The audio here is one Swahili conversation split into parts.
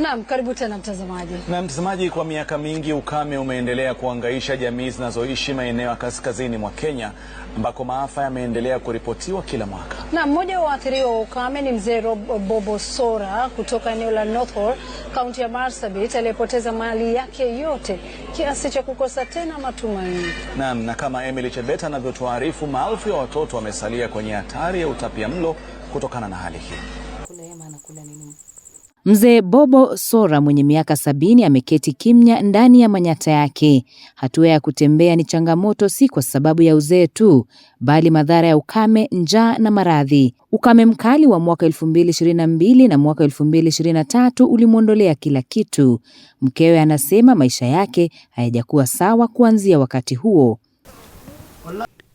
Naam, karibu tena mtazamaji. Na mtazamaji, kwa miaka mingi ukame umeendelea kuangaisha jamii zinazoishi maeneo ya kaskazini mwa Kenya ambako maafa yameendelea kuripotiwa kila mwaka. Na mmoja wa waathiriwa wa ukame ni mzee Bobo Sora kutoka eneo la North Horr, kaunti ya Marsabit aliyepoteza mali yake yote kiasi cha kukosa tena matumaini. Naam, na kama Emily Chebet anavyotuarifu, maelfu ya watoto wamesalia kwenye hatari ya utapiamlo kutokana na hali hii. Mzee Bobo Sora mwenye miaka sabini ameketi kimnya ndani ya manyata yake. Hatua ya kutembea ni changamoto, si kwa sababu ya uzee tu, bali madhara ya ukame, njaa na maradhi. Ukame mkali wa mwaka 2022 na mwaka 2023 ulimwondolea kila kitu. Mkewe anasema maisha yake hayajakuwa sawa kuanzia wakati huo.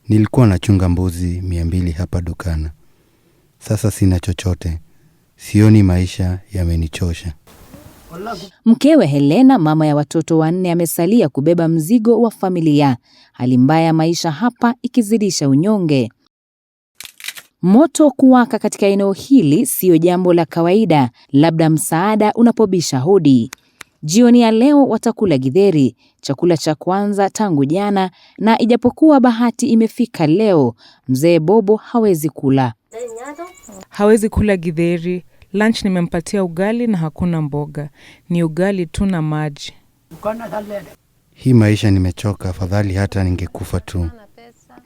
Nilikuwa nachunga mbuzi 200 hapa dukana, sasa sina chochote sioni maisha yamenichosha. Mkewe Helena, mama ya watoto wanne, amesalia kubeba mzigo wa familia, hali mbaya ya maisha hapa ikizidisha unyonge. Moto kuwaka katika eneo hili siyo jambo la kawaida, labda msaada unapobisha hodi. Jioni ya leo watakula githeri, chakula cha kwanza tangu jana, na ijapokuwa bahati imefika leo, mzee Bobo hawezi kula, hawezi kula githeri. Lunch nimempatia ugali na hakuna mboga, ni ugali tu na maji. Hii maisha nimechoka, afadhali hata ningekufa tu,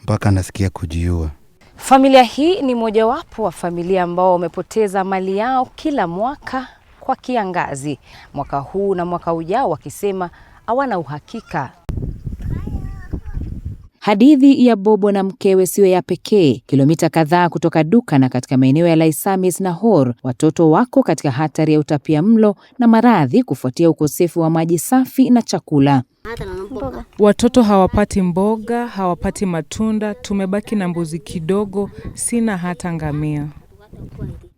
mpaka nasikia kujiua. Familia hii ni mojawapo wa familia ambao wamepoteza mali yao kila mwaka kwa kiangazi, mwaka huu na mwaka ujao, wakisema hawana uhakika Hadithi ya Bobo na mkewe siyo ya pekee. Kilomita kadhaa kutoka Duka na katika maeneo ya Laisamis na Hor, watoto wako katika hatari ya utapia mlo na maradhi kufuatia ukosefu wa maji safi na chakula. Mboga. Watoto hawapati mboga, hawapati matunda, tumebaki na mbuzi kidogo, sina hata ngamia.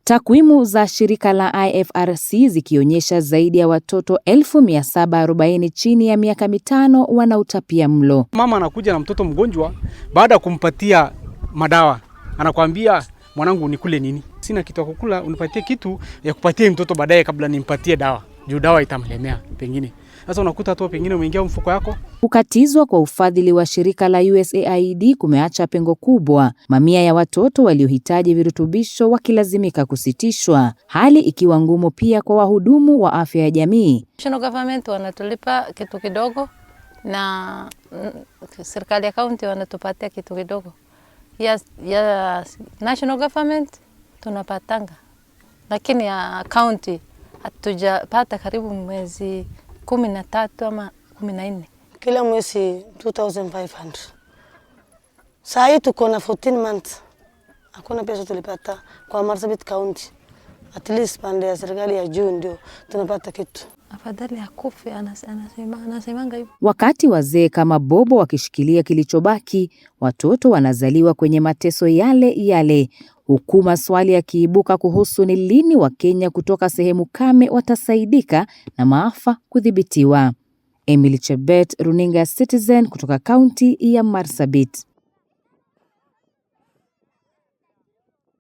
Takwimu za shirika la IFRC zikionyesha zaidi ya watoto 1740 chini ya miaka mitano wana utapia mlo. Mama anakuja na mtoto mgonjwa, baada ya kumpatia madawa anakuambia, mwanangu, nikule nini? Sina kitu ya kukula, unipatie kitu ya kupatia mtoto baadaye, kabla nimpatie dawa juu dawa itamlemea pengine. Sasa unakuta tu pengine umeingia mfuko yako. Kukatizwa kwa ufadhili wa shirika la USAID kumeacha pengo kubwa, mamia ya watoto waliohitaji virutubisho wakilazimika kusitishwa, hali ikiwa ngumu pia kwa wahudumu wa afya ya jamii. National government wanatulipa kitu kidogo na serikali ya kaunti wanatupatia kitu kidogo ya, ya national government tunapatanga, lakini ya kaunti hatujapata karibu mwezi kumi na tatu ama kumi na nne kila mwezi 2500 saa hii tuko na 14 months hakuna pesa tulipata kwa Marsabit County, at least pande ya serikali ya juu ndio tunapata kitu. Afadhali akufe, anasema anasemanga hivyo. Wakati wazee kama Bobo wakishikilia kilichobaki, watoto wanazaliwa kwenye mateso yale yale, huku maswali yakiibuka kuhusu ni lini Wakenya kutoka sehemu kame watasaidika na maafa kudhibitiwa. Emily Chebet, runinga Citizen kutoka kaunti ya Marsabit.